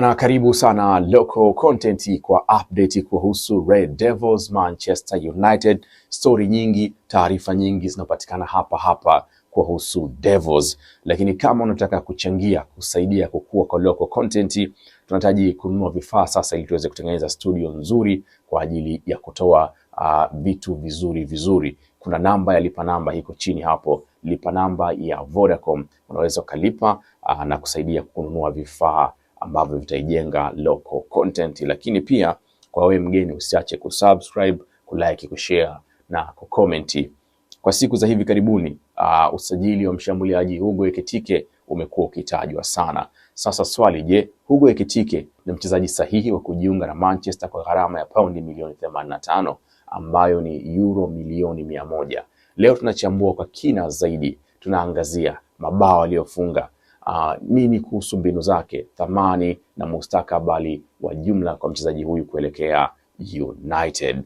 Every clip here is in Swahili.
bana, karibu sana Local Content kwa update kuhusu Red Devils Manchester United. Story nyingi, taarifa nyingi zinapatikana hapa hapa kuhusu Devils, lakini kama unataka kuchangia kusaidia kukua kwa Local Content, tunahitaji kununua vifaa sasa, ili tuweze kutengeneza studio nzuri kwa ajili ya kutoa uh, vitu vizuri vizuri. Kuna namba ya lipa namba iko chini hapo, lipa namba ya Vodacom, unaweza ukalipa uh, na kusaidia kununua vifaa ambavyo vitaijenga local content, lakini pia kwa wewe mgeni usiache kusubscribe, kulike, kushare na kucomment. Kwa siku za hivi karibuni uh, usajili wa mshambuliaji Hugo Ekitike umekuwa ukitajwa sana. Sasa swali, je, Hugo Ekitike ni mchezaji sahihi wa kujiunga na Manchester kwa gharama ya paundi milioni 85 ambayo ni euro milioni mia moja? Leo tunachambua kwa kina zaidi, tunaangazia mabao aliyofunga uh, nini kuhusu mbinu zake, thamani na mustakabali wa jumla kwa mchezaji huyu kuelekea United.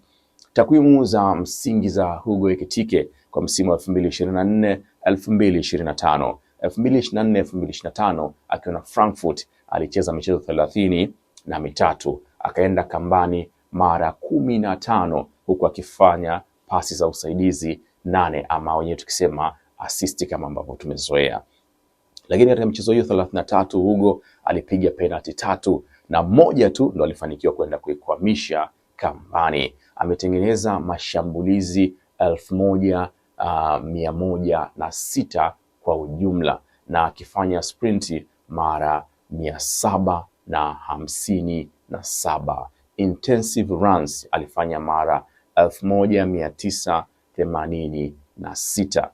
Takwimu za msingi za Hugo Ekitike kwa msimu wa 2024 2025. 2024 2025 akiwa na Frankfurt alicheza michezo thelathini na mitatu akaenda kambani mara kumi na tano huku akifanya pasi za usaidizi nane ama wenyewe tukisema asisti kama ambavyo tumezoea. Lakini katika mchezo hiyo 33 Hugo alipiga penalti tatu na moja tu ndo alifanikiwa kwenda kuikwamisha kambani. Ametengeneza mashambulizi elfu moja uh, mia moja na sita kwa ujumla na akifanya sprinti mara mia saba na hamsini na saba. Intensive runs alifanya mara elfu moja mia tisa themanini na sita.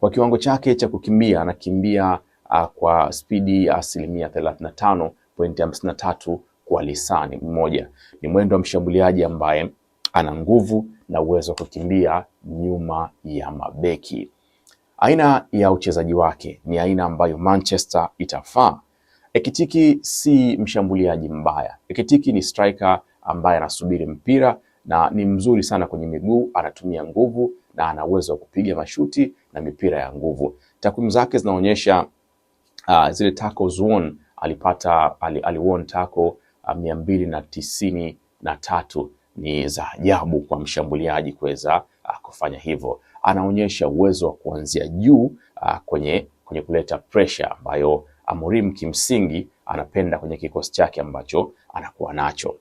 Kwa kiwango chake cha kukimbia anakimbia uh, kwa spidi ya asilimia 35.53 kwa lisani moja. Ni mwendo wa mshambuliaji ambaye ana nguvu na uwezo wa kukimbia nyuma ya mabeki. Aina ya uchezaji wake ni aina ambayo Manchester itafaa. Ekitiki si mshambuliaji mbaya. Ekitiki ni striker ambaye anasubiri mpira na ni mzuri sana kwenye miguu, anatumia nguvu na ana uwezo wa kupiga mashuti na mipira ya nguvu. Takwimu zake zinaonyesha uh, zile tackles won alipata won tackle ah, mia mbili na tisini na tatu. Ni za ajabu kwa mshambuliaji kuweza ah, kufanya hivyo. Anaonyesha uwezo wa kuanzia juu kwenye, kwenye kuleta pressure ambayo Amorim kimsingi anapenda kwenye kikosi chake ambacho anakuwa nacho.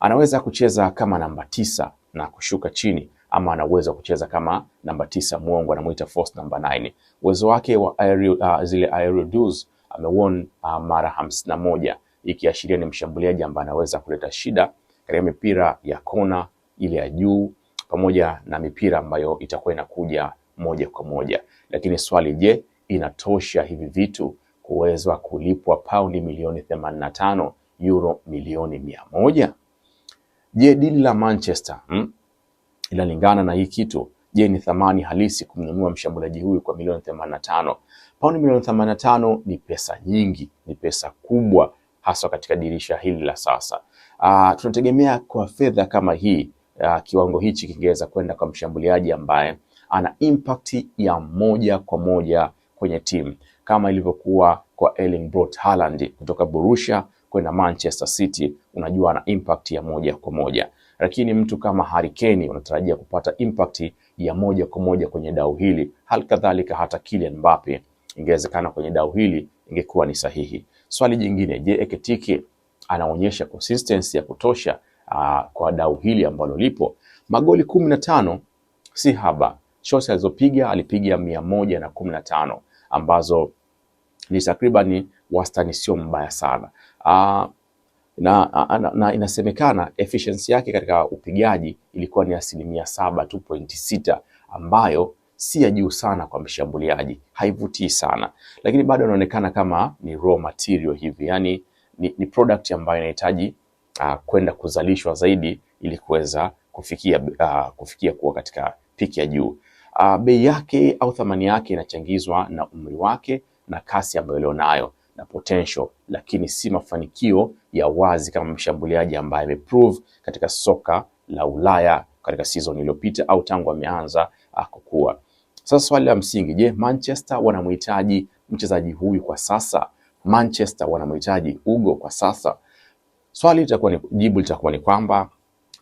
Anaweza kucheza kama namba tisa na kushuka chini ama anaweza kucheza kama namba tisa mwongo, anamuita false namba 9. Uwezo wake wa aerial, uh, zile aerial duels amewon uh, ah, mara hamsini na moja ikiashiria ni mshambuliaji ambaye anaweza kuleta shida katika mipira ya kona ile ya juu pamoja na mipira ambayo itakuwa inakuja moja kwa moja. Lakini swali, je, inatosha hivi vitu kuweza kulipwa paundi milioni 85, euro milioni mia moja? Je, dili la Manchester hmm? inalingana na hii kitu. Je, ni thamani halisi kumnunua mshambuliaji huyu kwa milioni 85? Paundi milioni 85 ni pesa nyingi, ni pesa kubwa haswa katika dirisha hili la sasa. Aa, ah, tunategemea kwa fedha kama hii aa, ah, kiwango hichi kingeweza kwenda kwa mshambuliaji ambaye ana impact ya moja kwa moja kwenye timu kama ilivyokuwa kwa Erling Braut Haaland kutoka Borussia kwenda Manchester City. Unajua ana impact ya moja kwa moja lakini mtu kama Harry Kane unatarajia kupata impact ya moja kwa moja kwenye dau hili, hali kadhalika hata Kylian Mbappe ingewezekana kwenye dau hili ingekuwa ni sahihi. Swali jingine, je, Ekitike anaonyesha consistency ya kutosha aa, ah, kwa dau hili ambalo lipo? Magoli kumi na tano si haba. Shots alizopiga alipiga mia moja na kumi na tano ambazo ni takriban wastani sio mbaya sana. Aa, ah, na, na, na inasemekana efficiency yake katika upigaji ilikuwa ni asilimia saba tu pointi sita ambayo si ya juu sana kwa mshambuliaji, haivutii sana lakini bado inaonekana kama ni raw material hivi, yani ni, ni product ambayo inahitaji uh, kwenda kuzalishwa zaidi ili kuweza kufikia, uh, kufikia kuwa katika piki ya juu. Uh, bei yake au thamani yake inachangizwa na umri wake na kasi ambayo alionayo na potential, lakini si mafanikio ya wazi kama mshambuliaji ambaye ameprove katika soka la Ulaya katika season iliyopita au tangu ameanza ah, kukua. Sasa swali la msingi, je, Manchester wanamhitaji mchezaji huyu kwa sasa? Manchester wanamhitaji Ugo kwa sasa? Swali litakuwa ni jibu litakuwa ni kwamba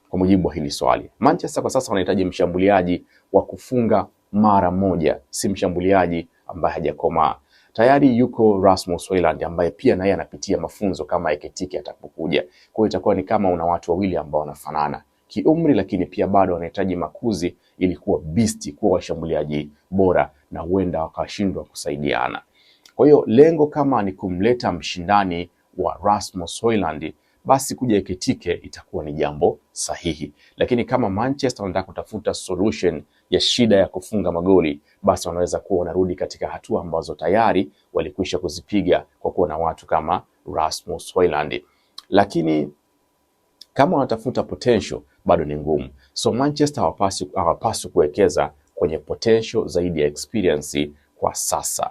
kwa mujibu wa hili swali, Manchester kwa sasa wanahitaji mshambuliaji wa kufunga mara moja, si mshambuliaji ambaye hajakomaa. Tayari yuko Rasmus Hojlund ambaye pia naye anapitia mafunzo kama eketiki atapokuja. Kwa hiyo itakuwa ni kama una watu wawili ambao wanafanana kiumri, lakini pia bado wanahitaji makuzi ili kuwa beast, kuwa washambuliaji bora, na huenda wakashindwa kusaidiana. Kwa hiyo lengo kama ni kumleta mshindani wa Rasmus Hojlund basi kuja Ekitike itakuwa ni jambo sahihi. Lakini kama Manchester wanataka kutafuta solution ya shida ya kufunga magoli, basi wanaweza kuwa wanarudi katika hatua ambazo tayari walikwisha kuzipiga kwa kuwa na watu kama Rasmus Hojlund. Lakini kama wanatafuta potential bado ni ngumu, so Manchester hawapaswi hawapaswi kuwekeza kwenye potential zaidi ya experience kwa sasa.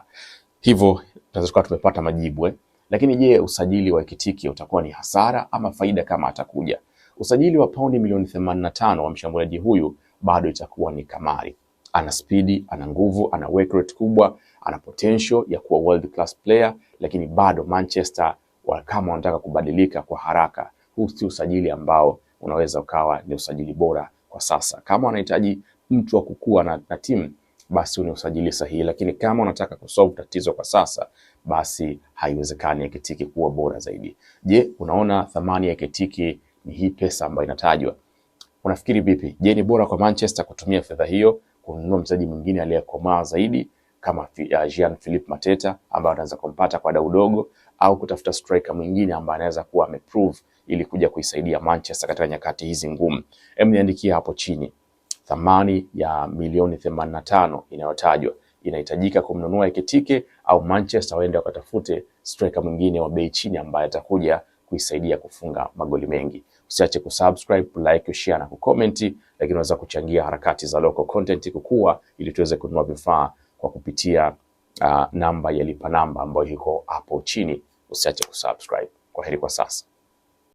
Hivyo tunaweza tukawa tumepata majibu eh? Lakini je, usajili wa Ekitike utakuwa ni hasara ama faida kama atakuja? Usajili wa paundi milioni 85 wa mshambuliaji huyu bado itakuwa ni kamari. Ana spidi, ana nguvu, ana work rate kubwa, ana potential ya kuwa world class player, lakini bado Manchester kama wanataka kubadilika kwa haraka, huu si usajili ambao unaweza ukawa ni usajili bora kwa sasa. Kama wanahitaji mtu wa kukua na, na timu basi una usajili sahihi, lakini kama unataka kusolve tatizo kwa sasa, basi haiwezekani Heketiki kuwa bora zaidi. Je, unaona thamani ya Heketiki ni hii pesa ambayo inatajwa? Unafikiri vipi? Je, ni bora kwa Manchester kutumia fedha hiyo kununua mchezaji mwingine aliyekomaa zaidi kama uh, Jean Philippe Mateta ambaye anaweza kumpata kwa dau dogo au kutafuta striker mwingine ambaye anaweza kuwa ameprove ili kuja kuisaidia Manchester katika nyakati hizi ngumu? Hem, niandikie hapo chini. Thamani ya milioni 85 inayotajwa inahitajika kumnunua Ekitike au Manchester waende wakatafute striker mwingine wa bei chini ambaye atakuja kuisaidia kufunga magoli mengi. Usiache kusubscribe, like, share na kucomment, lakini unaweza kuchangia harakati za local content kukua ili tuweze kununua vifaa kwa kupitia uh, namba ya lipa namba ambayo iko hapo chini. Usiache kusubscribe. Kwaheri kwa sasa.